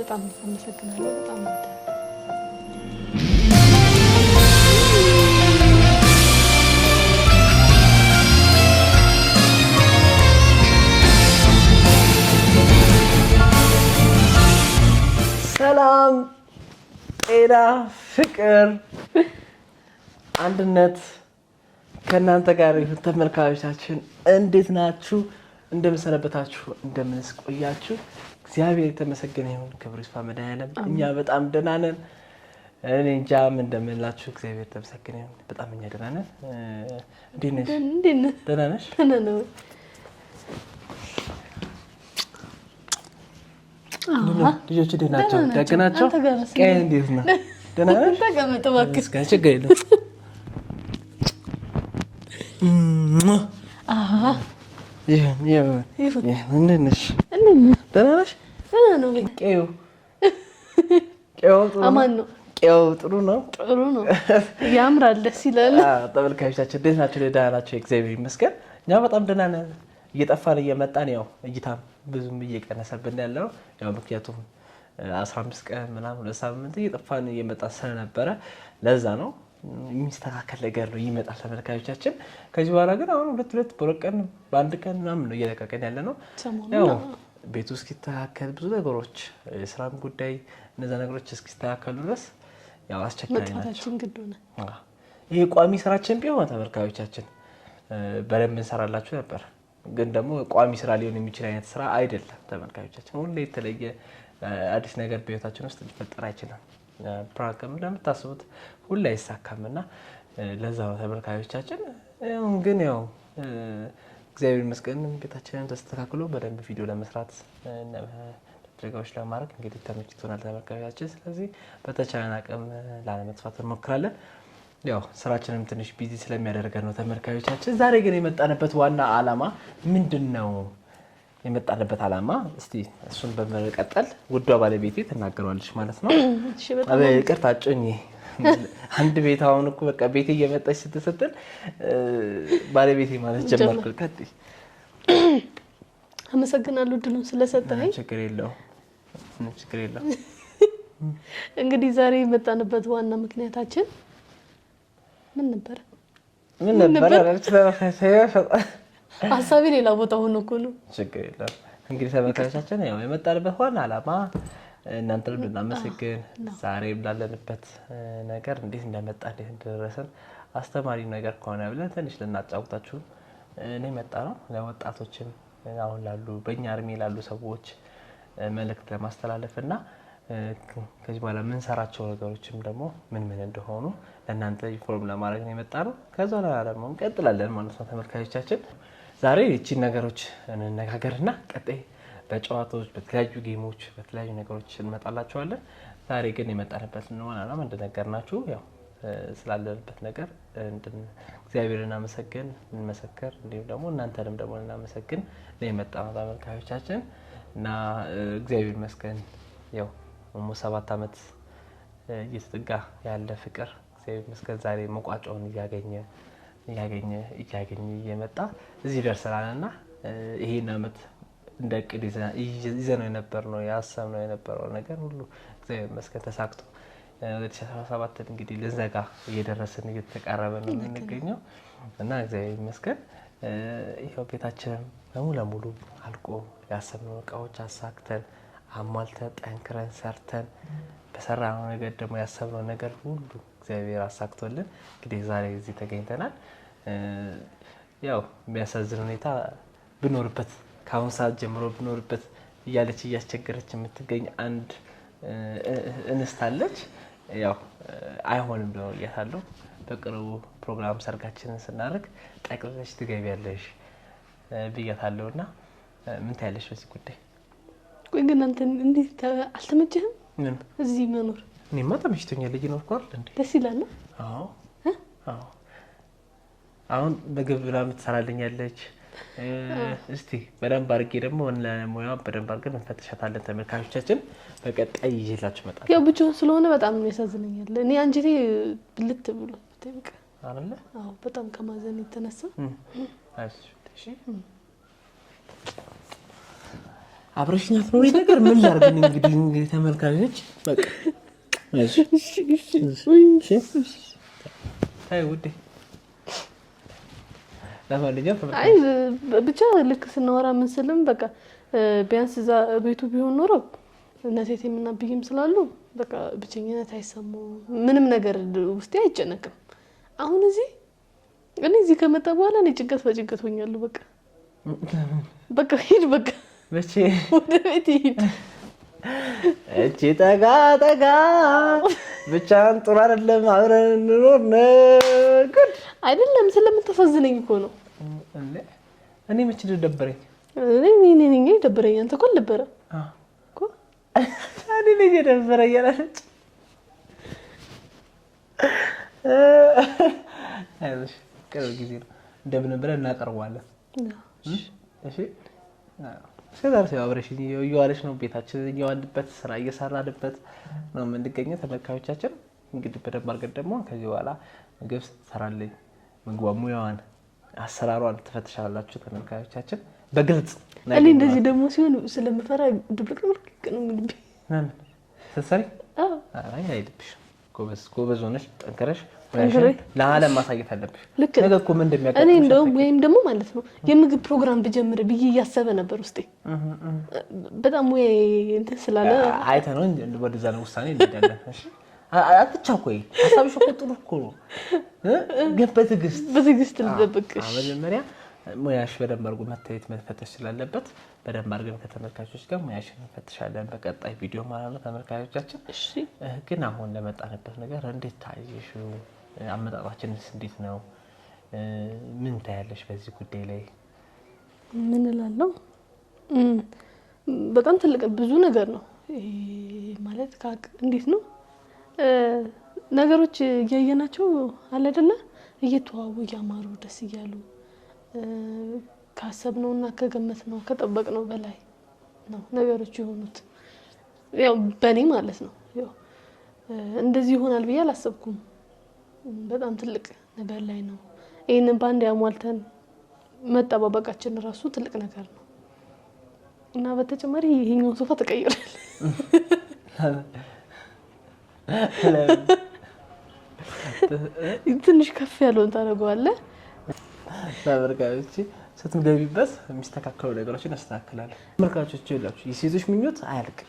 በጣም አመሰግናለሁ። በጣም ሰላም፣ ጤና፣ ፍቅር፣ አንድነት ከእናንተ ጋር ይሁን። ተመልካቾቻችን እንዴት ናችሁ? እንደምንሰነበታችሁ፣ እንደምንስቆያችሁ እግዚአብሔር የተመሰገነ ይሁን። ክብር ይስፋ መድኃኒዓለም። እኛ በጣም ደህና ነን። እኔ እንጃ ምን እንደምላችሁ። እግዚአብሔር የተመሰገነ ይሁን። በጣም እኛ ደህና ነን። እንዴት ነሽ? ደህና ነሽ? ልጆች እንዴት ናቸው? ደግ ናቸው? ቀይ እንዴት ነው? ደህና ነሽ? ተቀመጥ እባክህ። ችግር የለም ይሁን ይሁን ይሁን። እንዴት ነሽ? ደህና ነሽ? ደህና ነው። ቄው ቄው ጥሩ ነው፣ ጥሩ ነው፣ ያምራል፣ ደስ ይላል። ተመልካቾቻችን እንዴት ናቸው? ደህና ናቸው፣ እግዚአብሔር ይመስገን። እኛ በጣም ደህና ነን። እየጠፋን እየመጣን ያው እይታም ብዙም እየቀነሰብን ያለው ያው ምክንያቱም 15 ቀን ምናምን ለሳምንት እየጠፋን እየመጣን ስለነበረ ለዛ ነው። የሚስተካከል ነገር ነው ይመጣል። ተመልካቾቻችን ከዚህ በኋላ ግን አሁን ሁለት ሁለት በሁለት ቀን በአንድ ቀን ምናምን ነው እየለቀቀን ያለ ነው። ውስጥ እስኪስተካከል ብዙ ነገሮች የስራም ጉዳይ እነዛ ነገሮች እስኪስተካከሉ ድረስ ያው አስቸጋሪ ናቸው። ይህ ቋሚ ስራችን ቢሆን ተመልካዮቻችን በደንብ እንሰራላችሁ ነበር፣ ግን ደግሞ ቋሚ ስራ ሊሆን የሚችል አይነት ስራ አይደለም። ተመልካዮቻችን ሁሌ የተለየ አዲስ ነገር በህይወታችን ውስጥ ሊፈጠር አይችልም። ፕራንክም እንደምታስቡት ሁሌ አይሳካም እና ለዛ ተመልካዮቻችን ግን ያው እግዚአብሔር ይመስገን ቤታችንን ተስተካክሎ በደንብ ቪዲዮ ለመስራት ድጋዎች ለማድረግ እንግዲህ ተመችቶናል ተመልካቾቻችን። ስለዚህ በተቻለን አቅም ላለመጥፋት እንሞክራለን። ያው ስራችንም ትንሽ ቢዚ ስለሚያደርገን ነው ተመልካቾቻችን። ዛሬ ግን የመጣንበት ዋና አላማ ምንድን ነው? የመጣንበት አላማ እስቲ እሱን በመቀጠል ውዷ ባለቤቴ ትናገሯለች ማለት ነው። ይቅርታ አንድ ቤት አሁን እኮ በቃ ቤት እየመጣች ስትሰጥን ባለቤቴ ማለት ጀመርኩ። አመሰግናለሁ ድሉን ስለሰጠኝ። ችግር የለውም ችግር የለውም። እንግዲህ ዛሬ የመጣንበት ዋና ምክንያታችን ምን ነበር? ምን ነበረ? ሀሳቤ ሌላ ቦታ ሆኖ እኮ ነው። ችግር የለውም። እንግዲህ ተመልካቾቻችን ያው የመጣንበት ዋና አላማ እናንተን ብናመሰግን ዛሬ ብላለንበት ነገር እንዴት እንደመጣ እንዴት እንደደረሰን አስተማሪ ነገር ከሆነ ብለን ትንሽ ልናጫውታችሁ እኔ መጣ ነው። ለወጣቶችም አሁን ላሉ በእኛ እርሜ ላሉ ሰዎች መልእክት ለማስተላለፍ ና ከዚህ በኋላ የምንሰራቸው ነገሮችም ደግሞ ምን ምን እንደሆኑ ለእናንተ ኢንፎርም ለማድረግ ነው የመጣ ነው። ከዛ ደግሞ እንቀጥላለን ማለት ነው። ተመልካቾቻችን ዛሬ ይቺን ነገሮች እንነጋገር ና ቀጣይ በጨዋታዎች በተለያዩ ጌሞች በተለያዩ ነገሮች እንመጣላቸዋለን። ዛሬ ግን የመጣንበት እንሆን አላማ እንደነገርናችሁ ያው ስላለንበት ነገር እግዚአብሔር እናመሰግን እንመሰክር፣ እንዲሁም ደግሞ እናንተንም ደግሞ እናመሰግን ለየመጣ ተመልካቾቻችን እና እግዚአብሔር ይመስገን ያው ሞ ሰባት ዓመት እየተጠጋ ያለ ፍቅር እግዚአብሔር ይመስገን ዛሬ መቋጫውን እያገኘ እያገኘ እያገኘ እየመጣ እዚህ ደርሰናል እና ይሄን አመት እንደ እቅድ ይዘ ነው የነበር ነው የሀሳብ ነው የነበረው ነገር ሁሉ እግዚአብሔር ይመስገን ተሳክቶ 2017 እንግዲህ ልንዘጋ እየደረስን እየተቃረበ ነው የምንገኘው እና እግዚአብሔር ይመስገን ይኸው ቤታችንን በሙ ለሙሉ አልቆ ያሰብነው እቃዎች አሳክተን አሟልተን ጠንክረን ሰርተን በሰራ ነው ነገር ደግሞ ያሰብነው ነገር ሁሉ እግዚአብሔር አሳክቶልን እንግዲህ ዛሬ እዚህ ተገኝተናል። ያው የሚያሳዝን ሁኔታ ብኖርበት ከአሁን ሰዓት ጀምሮ ብኖርበት እያለች እያስቸገረች የምትገኝ አንድ እንስት አለች። ያው አይሆንም ብለው እያታለሁ በቅርቡ ፕሮግራም ሰርጋችንን ስናደርግ ጠቅልለሽ ትገቢያለሽ ብያታለሁ። እና ምን ታያለሽ በዚህ ጉዳይ? ቆይ ግን አንተ እንዴት አልተመቸህም? ምን እዚህ መኖር? እኔማ ተመችቶኛል። እየኖርኩ አይደል እንዴ? ደስ ይላል። አዎ አዎ። አሁን ምግብ ብላ የምትሰራልኛለች እስቲ በደንብ አድርጌ ደግሞ ለሙያ በደንብ አድርገን እንፈትሻታለን። ተመልካቾቻችን በቀጣይ ይዤላችሁ እመጣለሁ። ያው ብቻውን ስለሆነ በጣም ነው ያሳዝነኛል። እኔ አንጀቴ ብልት ብሎ አዎ በጣም ከማዘን የተነሳ አብረሽኛ አትኖሪ ነገር ምን ላድርግ እንግዲህ እንግዲህ ተመልካቾች በቃ እሺ እሺ እሺ ለማንኛውም አይ ብቻ ልክ ስናወራ ምን ስልም በቃ ቢያንስ እዛ ቤቱ ቢሆን ኖሮ እነ የምናብይም ስላሉ በቃ ብቸኝነት አይሰማውም። ምንም ነገር ውስጤ አይጨነቅም። አሁን እዚህ እኔ እዚህ ከመጣ በኋላ እኔ ጭንቀት በጭንቀት ሆኛለሁ። በቃ በቃ ሂድ፣ በቃ ወደ ቤት ሂድ። እቺ ጠጋ ጠጋ ብቻን ጥሩ አይደለም። አብረን እንኖር አይደለም ስለምታሳዝነኝ እኮ ነው እኔ መች ደበረኝ? እኔ ደበረኝ። አንተ እኮ አልነበረም እኮ እኔ ነኝ የደበረኝ አይዞሽ ቅርብ ጊዜ ነው ብለን እናቀርቧለን። እስከዛሬ ሰው አብረሽኝ እየዋለች ነው። ቤታችን ስራ እየሰራንበት ነው የምንገኘው። እንግዲህ በደንብ አድርገን ደግሞ ከዚህ በኋላ ምግብ ስትሰራልኝ ምግቧ ሙያዋን አሰራሯን ትፈትሻላችሁ ተመልካዮቻችን በግልጽ እኔ እንደዚህ ደግሞ ሲሆን ስለምፈራ ድብልቅ ነው ስትሰሪ አይልብሽ። ጎበዝ ጎበዝ ሆነሽ ጠንክረሽ ማሳየት አለብሽ። ልክ ነገ እኮ ምን እንደሚያቀ እኔ እንደውም ወይም ደግሞ ማለት ነው የምግብ ፕሮግራም ብጀምር ብዬ እያሰበ ነበር ውስጤ በጣም ወይ እንትን ስላለ አይተ ነው ወደዛ ነው ውሳኔ እንሄዳለን። አትቻኮይ ሀሳብሽ እኮ ጥሩ እኮ ነው፣ ግን በትዕግስት በትዕግስት ልጠብቅሽ። መጀመሪያ ሙያሽ በደንብ አድርጎ መታየት መፈተሽ ስላለበት በደንብ አድርገን ከተመልካቾች ጋር ሙያሽ እንፈትሻለን በቀጣይ ቪዲዮ ማለት ነው። ተመልካቾቻችን ግን አሁን ለመጣንበት ነገር እንዴት ታየሽ? አመጣጣችንስ እንዴት ነው? ምን ታያለሽ በዚህ ጉዳይ ላይ? ምን እላለሁ፣ በጣም ትልቅ ብዙ ነገር ነው ማለት እንዴት ነው ነገሮች እያየናቸው አለደለ እየተዋቡ እያማሩ ደስ እያሉ ካሰብነው እና ከጠበቅ ነው በላይ ነው ነገሮች የሆኑት። ያው በእኔ ማለት ነው። እንደዚህ ይሆናል ብዬ አላሰብኩም። በጣም ትልቅ ነገር ላይ ነው። ይህንን በአንድ ያሟልተን መጠባበቃችን እራሱ ትልቅ ነገር ነው እና በተጨማሪ ይሄኛው ሶፋ ተቀይሯል። ትንሽ ከፍ ያለውን ታደርገዋለህ። ተመልካቾች ስትገቢበት የሚስተካከሉ ነገሮችን ያስተካክላል። ተመልካቾች የላችሁ የሴቶች ምኞት አያልቅም።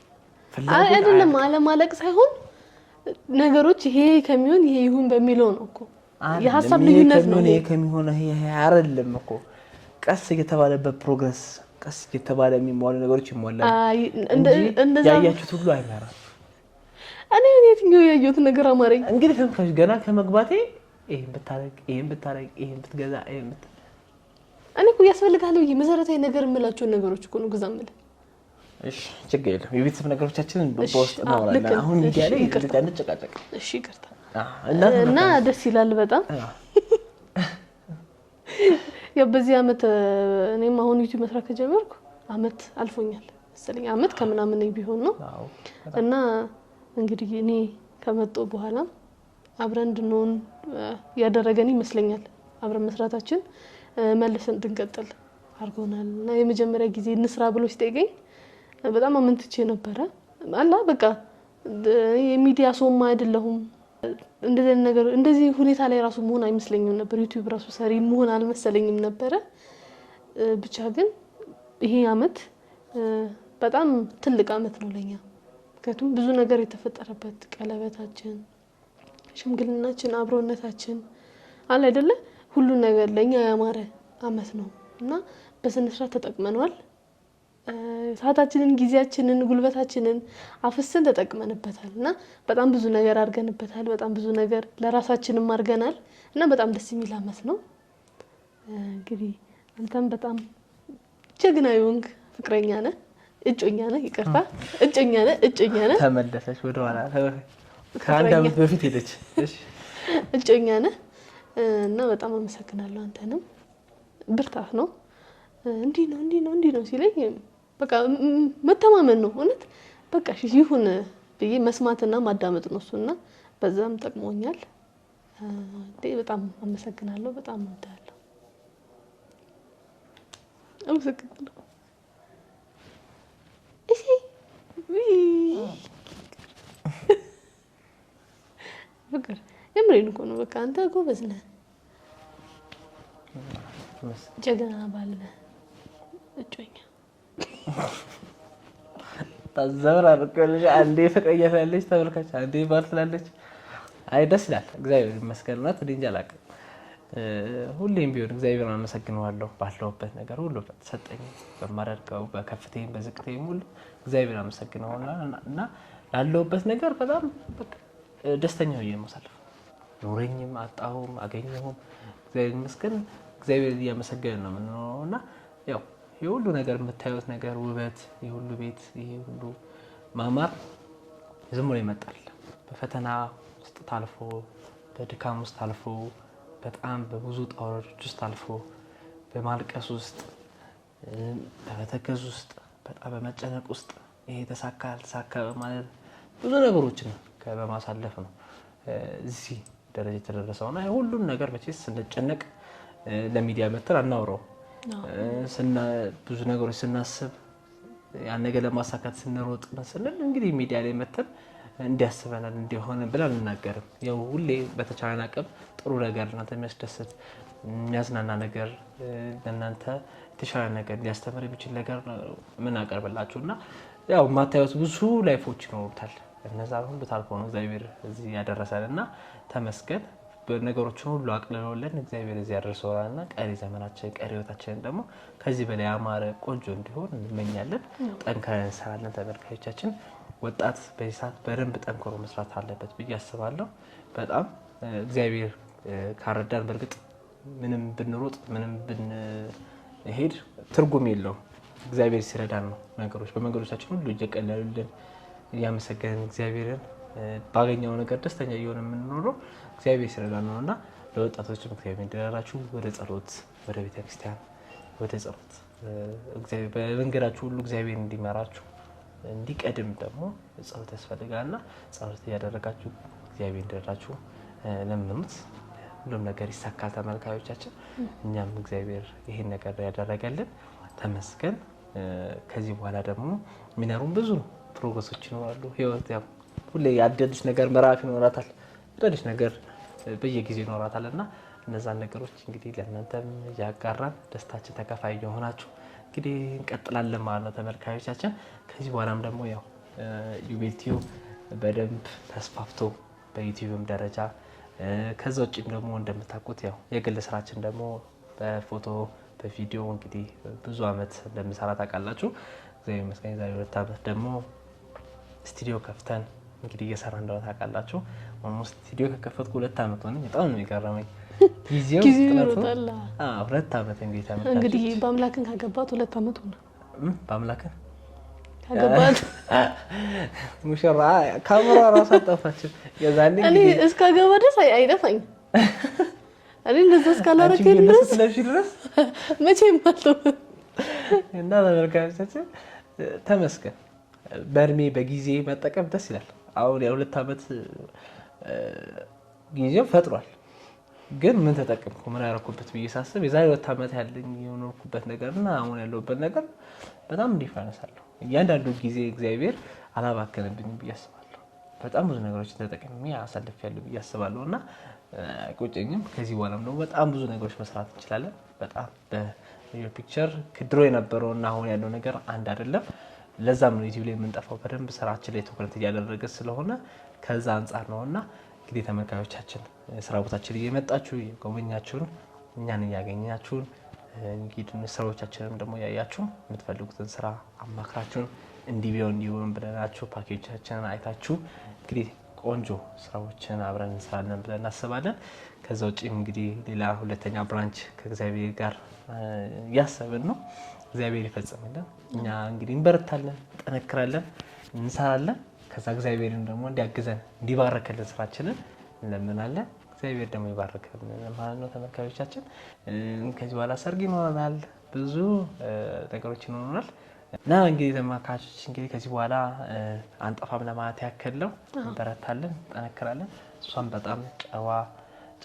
አይደለም አለማለቅ ሳይሆን ነገሮች ይሄ ከሚሆን ይሄ ይሁን በሚለው ነው እኮ የሀሳብ ልዩነት ነው። ይሄ ከሚሆን ይሄ አይደለም እኮ ቀስ እየተባለበት ፕሮግረስ ቀስ እየተባለ የሚሟሉ ነገሮች ይሟላል። ያያችሁት ሁሉ አይመራም እኔ የትኛው ያየሁት ነገር አማረኝ። እንግዲህ ገና ከመግባቴ ይሄን ብታረግ፣ ይሄን ብታረግ፣ ይሄን ብትገዛ፣ ይሄን ብት እኔ እኮ ያስፈልጋል ብዬ መሰረታዊ ነገር የምላቸውን ነገሮች እኮ ነው ግዛ የምልህ። እሺ ችግር የለም። የቤተሰብ ነገሮቻችንን በውስጥ እናወራለን። አሁን ሚዲያ ላይ እንጨቃጨቅ። እሺ ይቅርታ። እና ደስ ይላል በጣም ያው በዚህ አመት እኔም አሁን ዩቲዩብ መስራት ከጀመርኩ አመት አልፎኛል መሰለኝ አመት ከምናምን ቢሆን ነው እና እንግዲህ እኔ ከመጡ በኋላ አብረን እንድንሆን ያደረገን ይመስለኛል። አብረን መስራታችን መልሰን እንድንቀጥል አድርጎናል እና የመጀመሪያ ጊዜ እንስራ ብሎ ሲጠይቀኝ በጣም አመንትቼ ነበረ። አላ በቃ የሚዲያ ሰውም አይደለሁም እንደዚህ ነገር እንደዚህ ሁኔታ ላይ ራሱ መሆን አይመስለኝም ነበር። ዩቲዩብ ራሱ ሰሪ መሆን አልመሰለኝም ነበረ። ብቻ ግን ይሄ አመት በጣም ትልቅ አመት ነው ለኛ። ምክንያቱም ብዙ ነገር የተፈጠረበት ቀለበታችን፣ ሽምግልናችን፣ አብሮነታችን አለ አይደለ ሁሉን ነገር ለእኛ ያማረ አመት ነው እና በስነስርዓት ተጠቅመነዋል። ሰዓታችንን፣ ጊዜያችንን፣ ጉልበታችንን አፍስን ተጠቅመንበታል እና በጣም ብዙ ነገር አድርገንበታል። በጣም ብዙ ነገር ለራሳችንም አድርገናል እና በጣም ደስ የሚል አመት ነው። እንግዲህ አንተም በጣም ጀግና የሆንክ ፍቅረኛ ነህ። እጮኛ ነህ፣ ይቅርታ እጮኛ ነህ፣ እጮኛ ነህ። ተመለሰች ወደኋላ ከአንድ አመት በፊት ሄደች። እጮኛ ነህ እና በጣም አመሰግናለሁ። አንተንም ብርታት ነው። እንዲህ ነው እንዲህ ነው እንዲህ ነው ሲለኝ በቃ መተማመን ነው እውነት በቃ ይሁን ብዬ መስማትና ማዳመጥ ነው እሱና በዛም ጠቅሞኛል። በጣም አመሰግናለሁ። በጣም እወዳለሁ። አመሰግናለሁ። ፍቅር የምሬን እኮ ነው። በቃ አንተ ጎበዝ ነህ፣ ጀግና ባል ነህ። እጮኛ ታዘብራርቀልሽ አንዴ ፍቅረኛ ስላለች ተመልካች፣ አንዴ ባል ስላለች፣ አይ ደስ ይላል። እግዚአብሔር ይመስገን። እውነት እኔ እንጃ አላውቅም ሁሌም ቢሆን እግዚአብሔር አመሰግነዋለሁ። ባለሁበት ነገር ሁሉ በተሰጠኝ በማደርገው በከፍቴም በዝቅቴም ሁሉ እግዚአብሔር አመሰግነዋል እና ላለሁበት ነገር በጣም ደስተኛ ሆኜ የማሳልፍ ኖረኝም፣ አጣሁም፣ አገኘሁም እግዚአብሔር ይመስገን እግዚአብሔር እያመሰገነ ነው የምንኖረው እና ያው የሁሉ ነገር የምታዩት ነገር ውበት፣ የሁሉ ቤት፣ ይሄ ሁሉ ማማር ዝም ብሎ ይመጣል። በፈተና ውስጥ ታልፎ በድካም ውስጥ ታልፎ በጣም በብዙ ጣውረዶች ውስጥ አልፎ በማልቀስ ውስጥ በመተከዝ ውስጥ በጣም በመጨነቅ ውስጥ ይሄ ተሳካ አልተሳካ በማለት ብዙ ነገሮችን በማሳለፍ ነው እዚህ ደረጃ የተደረሰው እና ሁሉም ነገር መቼስ ስንጨነቅ ለሚዲያ መተን አናውረው። ብዙ ነገሮች ስናስብ ያን ነገር ለማሳካት ስንሮጥ ስንል እንግዲህ ሚዲያ ላይ መተን እንዲያስበናል እንዲሆን ብለን አልናገርም። ያው ሁሌ በተቻለን አቅም ጥሩ ነገር እናንተ የሚያስደስት የሚያዝናና ነገር ለእናንተ የተሻለ ነገር እንዲያስተምር የሚችል ነገር ምን አቀርብላችሁ እና ያው የማታዩት ብዙ ላይፎች ይኖሩታል። እነዛ ሁሉ ታልፎ ነው እግዚአብሔር እዚህ ያደረሰን እና ተመስገን ነገሮችን ሁሉ አቅልለውለን እግዚአብሔር እዚህ ያደርሰናል እና ቀሪ ዘመናችን ቀሪ ህይወታችንን ደግሞ ከዚህ በላይ አማረ ቆንጆ እንዲሆን እንመኛለን። ጠንካራ እንሰራለን ተመልካቾቻችን ወጣት በዚህ ሰዓት በደንብ ጠንክሮ መስራት አለበት ብዬ አስባለሁ። በጣም እግዚአብሔር ካረዳን በእርግጥ ምንም ብንሮጥ ምንም ብንሄድ ትርጉም የለውም። እግዚአብሔር ሲረዳን ነው ነገሮች በመንገዶቻችን ሁሉ እየቀለሉልን እያመሰገንን እግዚአብሔርን ባገኘው ነገር ደስተኛ እየሆነ የምንኖረው እግዚአብሔር ሲረዳን ነው እና ለወጣቶችም እግዚአብሔር እንዲረዳችሁ ወደ ጸሎት፣ ወደ ቤተክርስቲያን፣ ወደ ጸሎት በመንገዳችሁ ሁሉ እግዚአብሔር እንዲመራችሁ እንዲቀድም ደግሞ ጸሎት ያስፈልጋል እና ጸሎት እያደረጋችሁ እግዚአብሔር እንዲረዳችሁ ለምኑት። ሁሉም ነገር ይሳካል። ተመልካዮቻችን እኛም እግዚአብሔር ይሄን ነገር ያደረገልን ተመስገን። ከዚህ በኋላ ደግሞ የሚኖሩን ብዙ ፕሮግረሶች ይኖራሉ። ህይወት ያው ሁሌ አዲስ ነገር ምዕራፍ ይኖራታል፣ አዲስ ነገር በየጊዜ ይኖራታል እና እነዛን ነገሮች እንግዲህ ለእናንተም እያጋራን ደስታችን ተከፋይ የሆናችሁ እንግዲህ እንቀጥላለን ማለት ነው ተመልካቾቻችን። ከዚህ በኋላም ደግሞ ያው ዩቤልቲዩ በደንብ ተስፋፍቶ በዩቲዩብም ደረጃ ከዛ ውጭም ደግሞ እንደምታውቁት ያው የግል ስራችን ደግሞ በፎቶ በቪዲዮ እንግዲህ ብዙ አመት እንደምሰራ ታውቃላችሁ። እግዚአብሔር ይመስገን የዛሬ ሁለት አመት ደግሞ ስቱዲዮ ከፍተን እንግዲህ እየሰራ እንደሆነ ታውቃላችሁ። ስቱዲዮ ከከፈትኩ ሁለት አመት ሆነ። በጣም ነው የገረመኝ። ጊዜው ይሮጣል። ሁለት ዓመት እንግዲህ ተመልካቾች እንግዲህ በአምላክን ካገባት ሁለት ዓመት ሆነ። በአምላክን ካገባት ሙሽራ ካሜራ ራሱ አጠፋችን። የዛኔ እኔ እስካገባ ድረስ አይደፋኝ እኔ እንደዛ እስካላረከኝ ድረስ ድረስ መቼም አለው እና ተመልካቾቻችን ተመስገን። በእድሜ በጊዜ መጠቀም ደስ ይላል። አሁን የሁለት ዓመት ጊዜው ፈጥሯል። ግን ምን ተጠቀምኩ ምን ያረኩበት ብዬ ሳስብ የዛሬ ወት ዓመት ያለኝ የኖርኩበት ነገር እና አሁን ያለውበት ነገር በጣም ዲፈረንስ አለው። እያንዳንዱ ጊዜ እግዚአብሔር አላባከነብኝም ብዬ አስባለሁ። በጣም ብዙ ነገሮችን ተጠቅሜ አሳልፌያለሁ ብዬ አስባለሁ እና ቁጭኝም ከዚህ በኋላም ደግሞ በጣም ብዙ ነገሮች መስራት እንችላለን። በጣም ፒክቸር ድሮ የነበረው እና አሁን ያለው ነገር አንድ አይደለም። ለዛም ነው ዩቲዩብ ላይ የምንጠፋው። በደንብ ስራችን ላይ ትኩረት እያደረገ ስለሆነ ከዛ አንጻር ነው እና እንግዲህ ተመልካዮቻችን ስራ ቦታችን እየመጣችሁ የጎበኛችሁን እኛን እያገኛችሁን እንግዲህ ስራዎቻችንም ደግሞ ያያችሁ የምትፈልጉትን ስራ አማክራችሁን እንዲህ ቢሆን እንዲሆን ብለናችሁ ፓኬጆቻችንን አይታችሁ እንግዲህ ቆንጆ ስራዎችን አብረን እንሰራለን ብለን እናስባለን። ከዛ ውጭ እንግዲህ ሌላ ሁለተኛ ብራንች ከእግዚአብሔር ጋር እያሰብን ነው። እግዚአብሔር ይፈጽምልን። እኛ እንግዲህ እንበረታለን፣ እንጠነክራለን፣ እንሰራለን። ከዛ እግዚአብሔርን ደግሞ እንዲያግዘን እንዲባረከልን ስራችንን እንለምናለን። እግዚአብሔር ደግሞ ይባረክልን ማለት ነው። ተመልካቾቻችን ከዚህ በኋላ ሰርግ ይኖረናል፣ ብዙ ነገሮች ይኖረናል እና እንግዲህ ተመልካቾች እንግዲህ ከዚህ በኋላ አንጠፋም ለማለት ያክል ነው። እንበረታለን፣ እንጠነክራለን። እሷም በጣም ጨዋ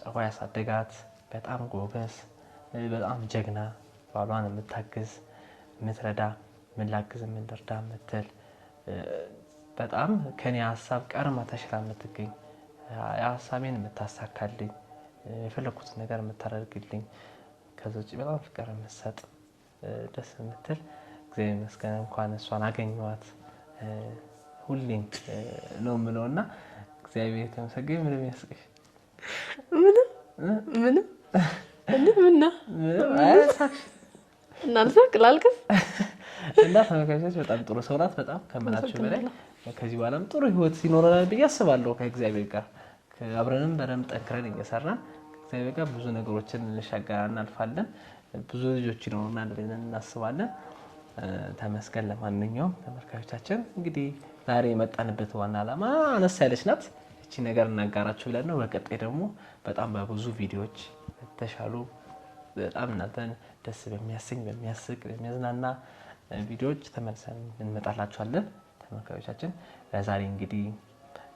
ጨዋ ያሳደጋት በጣም ጎበዝ፣ በጣም ጀግና፣ ባሏን የምታግዝ የምትረዳ፣ ምን ላግዝ፣ ምን ልርዳ በጣም ከኔ ሀሳብ ቀርማ ተሽላ የምትገኝ ሀሳቤን የምታሳካልኝ የፈለኩት ነገር የምታደርግልኝ ከዚ ውጭ በጣም ፍቅር የምትሰጥ ደስ የምትል እግዚአብሔር ይመስገን እንኳን እሷን አገኘዋት ሁሌም ነው የምለው እና እግዚአብሔር የተመሰገኝ። ምንም ያስቀሽ ምንም ምንም ምንም ምና እናልሳቅ ላልቅስ እና ተመልካቾች በጣም ጥሩ ሰው ናት። በጣም ከምላችሁ በላይ ከዚህ በኋላም ጥሩ ህይወት ይኖረናል ብዬ አስባለሁ። ከእግዚአብሔር ጋር አብረንም በደንብ ጠንክረን እየሰራን ከእግዚአብሔር ጋር ብዙ ነገሮችን እንሻገራ እናልፋለን። ብዙ ልጆች ይኖሩናል ብለን እናስባለን። ተመስገን። ለማንኛውም ተመልካቾቻችን እንግዲህ ዛሬ የመጣንበት ዋና ዓላማ አነስ ያለች ናት። እቺ ነገር እናጋራችሁ ብለን ነው። በቀጣይ ደግሞ በጣም በብዙ ቪዲዮዎች የተሻሉ በጣም እናንተን ደስ በሚያሰኝ በሚያስቅ በሚያዝናና ቪዲዮዎች ተመልሰን እንመጣላችኋለን። ተመልካዮቻችን ለዛሬ እንግዲህ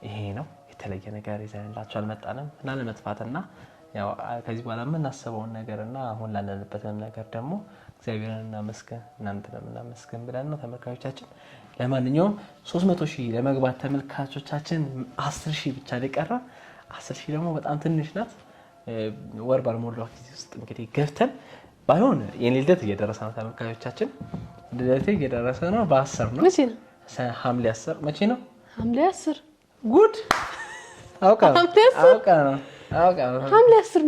ይሄ ነው። የተለየ ነገር ይዘንላችሁ አልመጣንም እና ለመጥፋትና ከዚህ በኋላ የምናስበውን ነገር እና አሁን ላለንበትም ነገር ደግሞ እግዚአብሔርን እናመስገን እናንተንም እናመስገን ብለን ነው ተመልካቾቻችን። ለማንኛውም መቶ ሺህ ለመግባት ተመልካቾቻችን አስር ሺህ ብቻ ሊቀራ፣ 10 ሺህ ደግሞ በጣም ትንሽ ናት። ወር ባልሞላ ጊዜ ውስጥ እንግዲህ ገብተን ባይሆን የኔ ልደት እየደረሰ ነው ተመልካቾቻችን ልደቴ እየደረሰ ነው። በአስር ነው። መቼ ነው? ሐምሌ አስር መቼ ነው? ሐምሌ አስር ጉድ አውቃ ሐምሌ አስር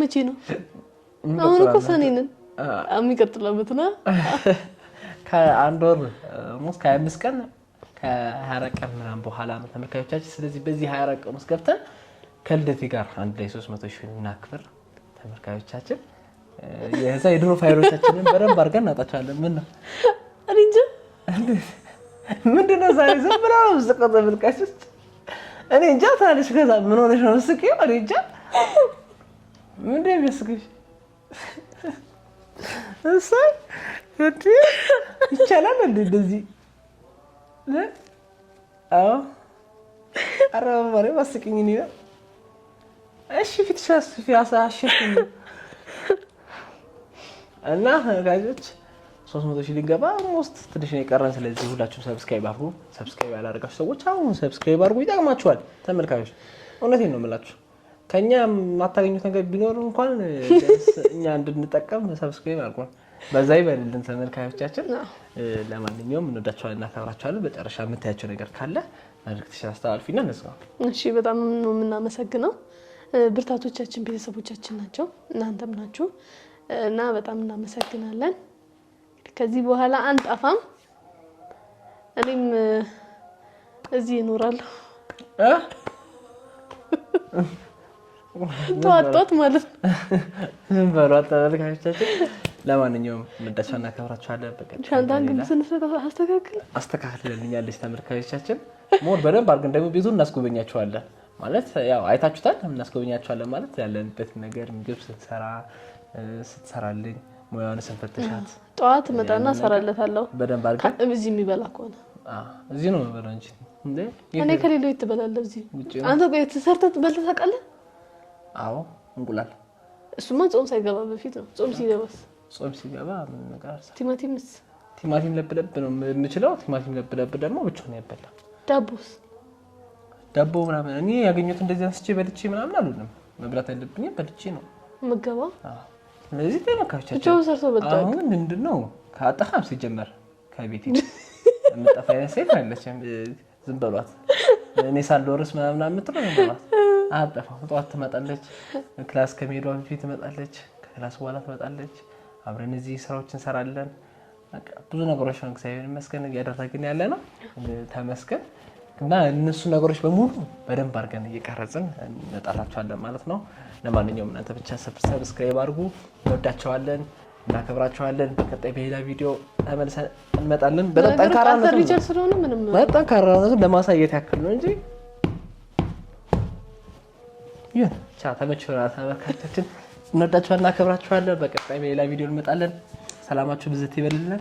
መቼ ነው? አሁን እኮ ሰኔ ነን። የሚቀጥለው ዓመት ከአንድ ወር ሙስ ከሀያ አምስት ቀን ከሀያ አራት ቀን ምናምን በኋላ ነው ተመልካቾቻችን። ስለዚህ በዚህ ሀያ አራት ቀን ውስጥ ገብተን ከልደቴ ጋር አንድ ላይ ሶስት መቶ ሺህ እናክብር ተመልካቾቻችን። የዛ የድሮ ፋይሎቻችንን በደንብ አድርገን እናጣቸዋለን። ምን ነው እንጃ ምንድን ነው ዛሬ ዝም ብላ ነው የምትስቀው? እኔ እንጃ ታለሽ። ከዛ ምን ሆነሽ ነው የምትስቂው? እኔ እንጃ ምንድን ነው የሚያስቅሽ? እሷ ይቻላል እንደ እንደዚህ አዎ ኧረ በማርያም አስቂኝ። እሺ፣ ፊትሽ አስፊ አሳሽፍ እና ጋጆች ሶስት መቶ ሺህ ልንገባ ኦልሞስት ትንሽ ነው የቀረን። ስለዚህ ሁላችሁም ሰብስክራይብ አድርጉ። ሰብስክራይብ ያላደረጋችሁ ሰዎች አሁን ሰብስክራይብ አድርጉ፣ ይጠቅማችኋል። ተመልካቾች እውነቴን ነው የምላችሁ ከእኛ የማታገኙት ነገር ቢኖር እንኳን እኛ እንድንጠቀም ሰብስክራይብ አድርጉ። በዛ ይበልልን ተመልካዮቻችን። ለማንኛውም እንወዳችኋለን፣ እናከብራችኋለን። በጨረሻ የምታያቸው ነገር ካለ መልዕክትሽን አስተላልፊና እንዝጋው። እሺ፣ በጣም ነው የምናመሰግነው። ብርታቶቻችን ቤተሰቦቻችን ናቸው፣ እናንተም ናችሁ እና በጣም እናመሰግናለን። ከዚህ በኋላ አንጠፋም። እኔም እዚህ እኖራለሁ ተዋጧት ማለት ነው። በሏ ተመልካቾቻችን፣ ለማንኛውም ምዳቻ እናከብራችኋለን። ሻንታ ግን አስተካክል አስተካክልልኛለች። ተመልካቾቻችን ሞር በደንብ አድርገን ደግሞ ቤቱን እናስጎበኛችኋለን ማለት ያው አይታችሁታል። እናስጎበኛችኋለን ማለት ያለንበት ነገር ምግብ ስትሰራ ስትሰራልኝ ሙያዋን ስንፈትሻት ጠዋት መጣና ሰራለታለሁ በደንብ አድርገን እዚህ የሚበላ ከሆነ እዚህ ነው የሚበላ እንጂ እኔ ከሌሎ ትበላለህ። እዚህ አንተ ቆይ ተሰርተህ በልተህ ታውቃለህ? አዎ እንቁላል። እሱማ ጾም ሳይገባ በፊት ነው። ጾም ሲገባስ? ጾም ሲገባ ምን ነገር ቲማቲምስ? ቲማቲም ለብለብ ነው የምችለው። ቲማቲም ለብለብ ደግሞ ብቻ ነው ያበላ። ዳቦስ? ዳቦ ምናምን እኔ ያገኘሁት እንደዚህ አንስቼ በልቼ ምናምን አልሆንም። መብላት ያለብኝ በልቼ ነው አዎ እነዚህ ስለዚህ ተመካቾቻቸው ሰርቶ በጣም አሁን ምንድን ነው ከአጠፋም ሲጀመር ከቤት የምጠፋ አይነት ሴት አይደለችም። ዝም በሏት፣ እኔ ሳልወርስ ምናምን የምትለው ዝም በሏት። አጠፋም ጠዋት ትመጣለች፣ ክላስ ከመሄዷ በፊት ትመጣለች፣ ከክላስ በኋላ ትመጣለች። አብረን እዚህ ስራዎች እንሰራለን። ብዙ ነገሮች ነው እግዚአብሔር ይመስገን እያደረግን ያለ ነው። ተመስገን እና እነሱ ነገሮች በሙሉ በደንብ አድርገን እየቀረጽን እንመጣላቸዋለን ማለት ነው። ለማንኛውም እናንተ ብቻ ሰብስክራይብ አድርጉ። እንወዳቸዋለን፣ እናከብራቸዋለን። በቀጣይ በሌላ ቪዲዮ ተመልሰን እንመጣለን። በጣም ለማሳየት ያክል ነው እንጂ ይሁን ቻ ተመችቶናል። ተመልካቾቻችን እንወዳቸዋለን፣ እናከብራቸዋለን። በቀጣይ በሌላ ቪዲዮ እንመጣለን። ሰላማችሁ ብዝት ይበልልን።